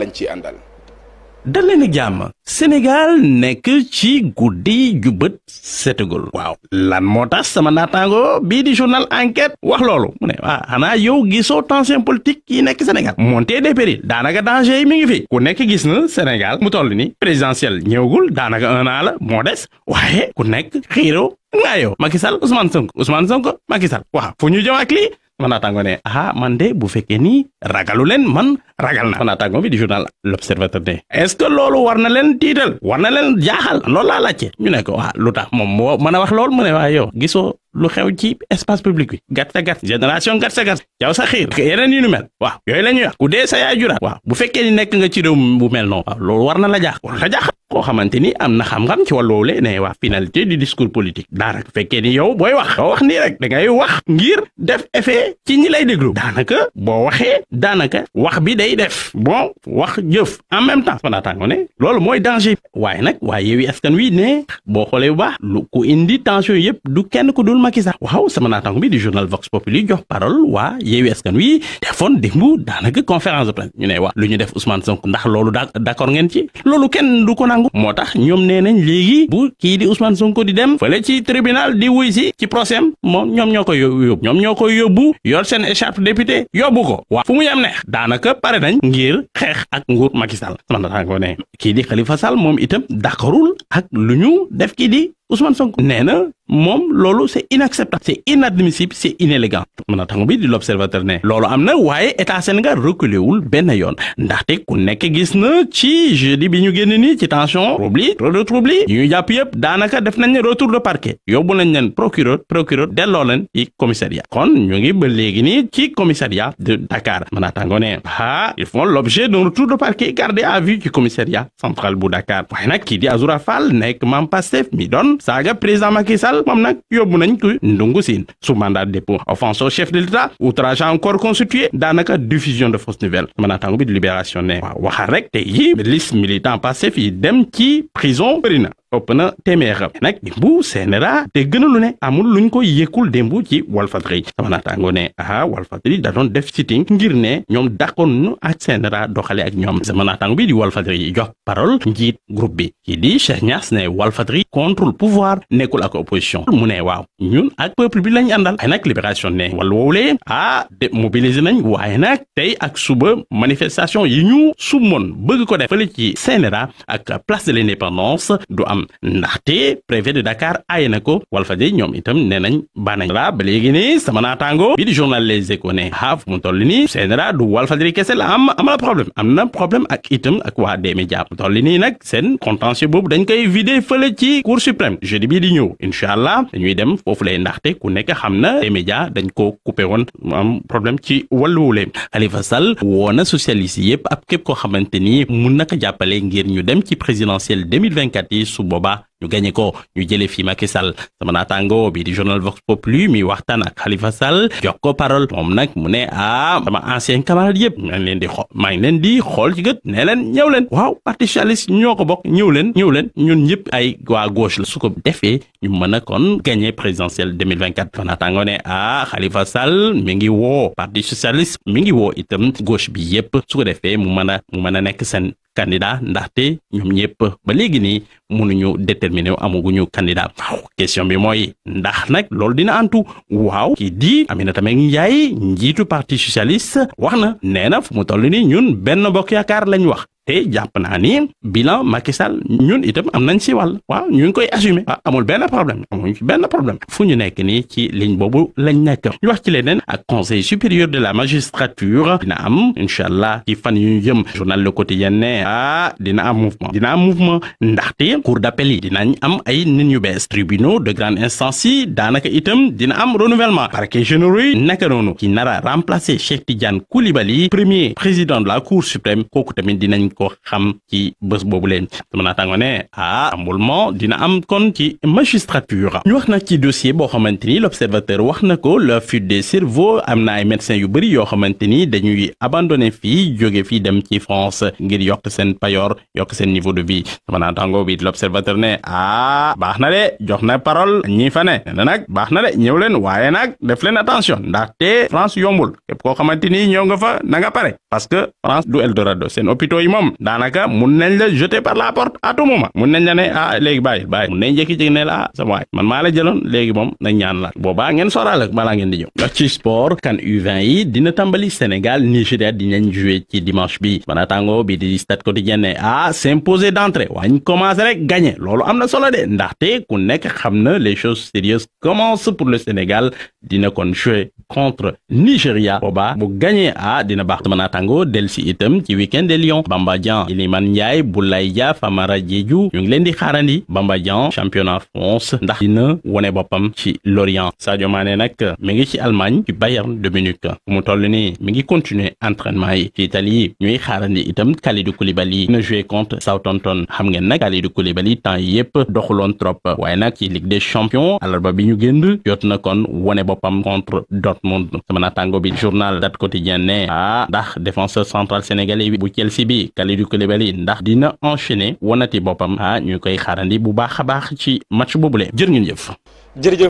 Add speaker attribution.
Speaker 1: lañ ciy àndal. dal leen ak jàmm Sénégal nekk ci guddi ju bët setagul waaw lan moo tax sama naataango bii di journal enquête wax loolu mu ne waa ah, xanaa yow gisoo tension politique yi nekk Sénégal montée des daanaka danger yi mi ngi fi ku nekk gis na Sénégal mu toll ni présidentiel ñëwagul daanaka un an la moo des waaye ku nekk xiiro nga yow Macky Sall Ousmane Sonko Ousmane Sonko Macky fu ñu jëm ak lii sama naataango ne ah man de bu fekkee nii ragalu leen man ragal na sama naataango bi di journal l'observateur ne est-ce que loolu war na leen tiital war na leen jaaxal lool laa laajte ñu ne ko waa ah, lu tax moom moo mën a wax loolu mu ne waa yow gisoo lu xew ci espace public bi gàtt sa gàtt génération gàtt sa gàtt yow sa xiir yeneen yu nu mel waaw yooyu la ñuy wax ku dee sa yaay juraat waaw bu fekkee ni nekk nga ci réew bu mel noonu waaw loolu war na la jaax war na la jaax koo xamante ni am na xam-xam ci wàllu woowule ne waa finalité du discours politique daanaka fekkee ni yow booy wax doo wax nii rek da ngay wax ngir def effet ci ni lay déglu daanaka boo waxee daanaka wax bi day def bon wax jëf en même temps pendant temps ne loolu mooy danger waaye nag waaye yow askan wi ne boo xoolee bu baax lu ku indi tension yëpp du kenn ku dul makki sax waaw sama naataango bi di journal Vox Populi jox parole waa yeewi askan wi defoon démb daanaka conférence de presse ñu ne waa lu ñu def Ousmane Sonko ndax nangu moo tax ñoom nee nañ léegi bu kii di Ousmane Sonko di dem fële ci tribunal di wuy si ci procès moom ñoom ñoo koy yóbbu ñoom ñoo koy yóbbu yor seen écharpe député yóbbu ko waa fu mu yem neex daanaka pare nañ ngir xeex ak nguur Macky Sall ko kii di Khalifa Sall moom itam d'accordul ak lu ñu def ki di Ousmane Sonko nee na moom loolu c'est inacceptable c'est inadmissible c'est inélégant mën a tax bi di l'observateur ne loolu am na waaye état Sénégal reculé wul benn yoon ndaxte ku nekk gis na ci jeudi bi ñu génn nii ci tension troubli trop de troubli yi ñu jàpp yëpp daanaka def nañ ne retour de parquet yóbbu nañ leen procureur procureur delloo leen yi commissariat kon ñu ngi ba léegi nii ci commissariat de Dakar mën a tàngoo ne ah ils l'objet d'un retour de parquet gardé ci commissariat central bu Dakar waaye nag kii di Azoura Fall nekk maam Pastef mi moom nag yóbbu nañ ko Ndungu Sine sous mandat de dépôt offense au chef de l'État outrage à un corps constitué daanaka diffusion de fausses nouvelles sama naataango bi di libération ne waaw waxal rek te yi liste militant Pastef yi dem ci prison bëri na ëpp na téeméer nag bu CNRA te gënalu ne amul luñ ko yëkkul démb ci Walfadjri sama naataango ne ah Walfadjri da doon def sitting ngir ne ñoom dàqoon nu ak CNRA doxale ak ñoom sama naataango bi di Walfadjri yi jox parole njiit groupe bi kii di Cheikh Niass ne Walfadjri contre le pouvoir nekkul ak opposition mu ne waaw ñun ak peuple bi lañ àndal ay nag libération ne wàllu woowulee ah de mobiliser nañ waaye nag tey ak suba manifestation yi ñu sumoon bëgg ko def ci CNRA ak place de du am am ndaxte préfet de Dakar aaye na ko ñoom itam nee nañ banañ la ba léegi nii sama naataango bi ne xaaf mu toll nii CNRA du Walfadjri kese la am am na problème am na problème ak itam ak waa des médias mu toll nii nag seen contentieux boobu dañ koy vider fële ci Cour suprême jeudi bii di ñëw incha allah dañuy dem foofu lay ndaxte ku nekk xam na des médias dañ ko coupé woon am problème ci wàlluwule Khalifa Sall woo na socialiste yëpp ak képp koo xamante ni mun naka jàppale ngir ñu dem ci présidentielle 2024 yi booba ñu gañe ko ñu jële fi Macky Sall sama naataango bi di journal po Populi mi waxtaan ak Khalifa Sall jox ko parole moom nag mu ne ah ma ancien camarade yëpp maa leen di xool maa ngi leen di xool ci gët nee leen ñëw leen waaw parti socialiste ñoo ko bokk ñëw leen ñëw leen ñun ñëpp ay waa gauche la su ko defee ñu mën a kon gagné présidentielle 2024 sama naataango ne ah Khalifa sal mi ngi woo parti socialiste mi ngi woo itam gauche bi yëpp su ko defee mu mën a mu mën a nekk seen candidat ndaxte ñoom ñëpp ba léegi nii mënuñu déterminer amaguñu candidat waaw question bi mooy ndax nag loolu dina antu waaw kii di Aminata Mbengue Ndiaye njiitu parti socialiste wax na nee na fu mu toll ni ñun benn bokk yaakaar lañu wax te jàpp naa ni bilan Macky Sall ñun itam am nañ si wàll waaw ñu ngi koy assumer waaw ah, amul benn problème amuñ ci benn problème fu ñu nekk nii ci ligne boobu lañ nekk ñu wax ci leneen a conseil supérieur de la magistrature dina am incha allah ci fan yu ñu jëm journal Le Quotidien ne ah dina am mouvement dina am mouvement ndaxte cour d'appel yi dinañ am ay nit yu bees tribunaux de grande instance yi daanaka itam dina am renouvellement parquet généraux yi naka noonu ki nara remplacer Cheikh Tidiane Koulibaly premier président de la cour suprême kooku tamit dinañ ko xam ci bés boobu leen sama naataango ne ah chamboulement dina am kon ci magistrature ñu wax nag ci dossier boo xamante ni l'observateur wax na ko la fuite des cerveaux am na ay médecins yu bëri yoo xamante ni dañuy abandonné fii jóge fii dem ci France ngir yokk seen payoor yokk seen niveau de vie sama naataango bi l'observateur ne ah baax na de jox na parole ñi fa ne na nag baax na de ñëw leen waaye nag def leen attention ndaxte France na nga pare parce que France du Eldorado moom daanaka mun nañ la jeter par la porte à tout moment mun nañ la ne ah léegi bàyyi bàyyi mun nañ jékki-jékki ne la ah sama waay man maa la jëloon léegi moom nañ ñaan la boobaa ngeen soraale balaa ngeen di ñëw ndax ci sport kan U20 yi dina tàmbali Sénégal Nigéria dinañ jouer ci dimanche bi banatango bi di stade quotidien ne ah s'imposer d'entrée waañ commencé rek loolu am na solo de ndaxte ku nekk xam na les choses sérieuses commencent pour le Sénégal dina kon jouer contre Nigéria boobaa bu gagner ah dina baax banatango del si itam ci week-end de Bamba Dieng Iliman bu Boulaye Dia Famara Diédhiou ñu ngi leen di xaarandi Bamba Dieng championnat France ndax dina wone boppam ci Lorient Sadio Mané nag mi ngi ci Allemagne ci Bayern de Munich mu toll nii mi ngi continuer entraînement yi ci Italie ñuy xaarandi itam Kalidou Koulibaly dina jouer contre Southampton xam ngeen nag Kalidou Koulibaly temps yépp doxuloon trop waaye nag ci Ligue des champions alarba bi ñu génn jot na kon wone boppam contre Dortmund sama naataango bi journal dat quotidien ne ah ndax défenseur central sénégalais bu Chelsea bi Kalidou Koulibaly ndax dina enchaîner wanati boppam a ñu koy xaarandi bu baax a baax ci match boobule jër ngeen jëf jërëjëf